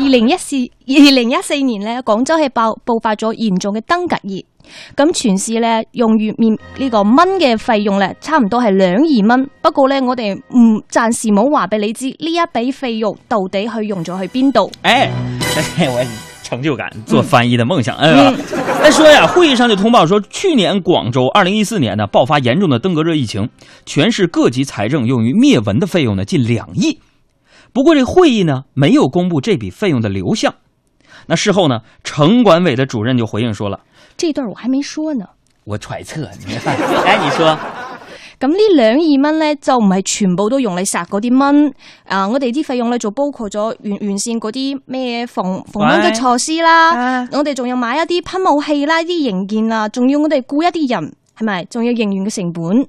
二零一四二零一四年呢，廣州係爆爆發咗嚴重嘅登革熱，咁全市呢，用於滅呢個蚊嘅費用呢，差唔多係兩億蚊。不過呢，我哋唔暫時冇話俾你知呢一筆費用到底去用咗去邊度。誒、哎，成就感，做翻譯的夢想。嗯，誒、嗯，說呀，會議上就通報說，去年廣州二零一四年呢爆發嚴重嘅登革熱疫情，全市各級財政用於滅蚊的費用呢近兩億。不過這會議呢，沒有公布這筆費用的流向。那事後呢，城管委的主任就回應說了：“這段我還沒說呢，我揣測你。 ”哎，你說，咁呢兩億蚊呢，就唔係全部都用嚟殺嗰啲蚊啊！我哋啲費用呢，就包括咗完完善嗰啲咩防防蚊嘅措施啦，ah. 我哋仲要買一啲噴霧器啦、啲零件啊，仲要我哋僱一啲人，係咪？仲要人員嘅成本。